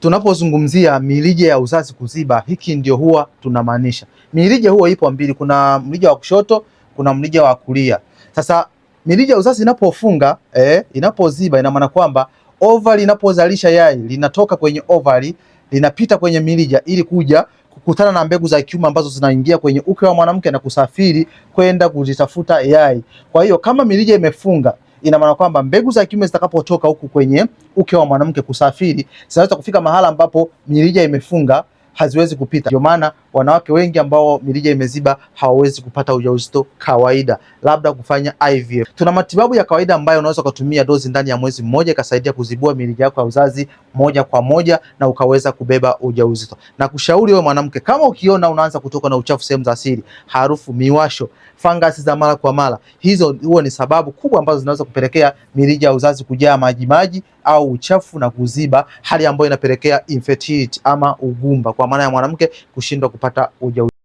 Tunapozungumzia mirija ya uzazi kuziba, hiki ndio huwa tunamaanisha. Mirija huwa ipo mbili, kuna mrija wa kushoto, kuna mrija wa kulia. Sasa mirija ya uzazi inapofunga eh, inapoziba, ina maana kwamba ovari inapozalisha yai linatoka kwenye ovari linapita kwenye mirija ili kuja kukutana na mbegu za kiume ambazo zinaingia kwenye uke wa mwanamke na kusafiri kwenda kuzitafuta yai. Kwa hiyo kama mirija imefunga ina maana kwamba mbegu za kiume zitakapotoka huku kwenye uke wa mwanamke kusafiri zinaweza kufika mahala ambapo mirija imefunga haziwezi kupita. Ndio maana wanawake wengi ambao mirija imeziba hawawezi kupata ujauzito kawaida, labda kufanya IVF. Tuna matibabu ya kawaida ambayo unaweza ukatumia dozi ndani ya mwezi mmoja ikasaidia kuzibua mirija yako ya uzazi moja kwa moja na ukaweza kubeba ujauzito. Na kushauri wewe mwanamke, kama ukiona unaanza kutoka na uchafu sehemu za siri, harufu, miwasho, fangasi za mara kwa mara, hizo huo ni sababu kubwa ambazo zinaweza kupelekea mirija ya uzazi kujaa majimaji au uchafu na kuziba, hali ambayo inapelekea infertility ama ugumba kwa maana ya mwanamke kushindwa kupata ujauzito.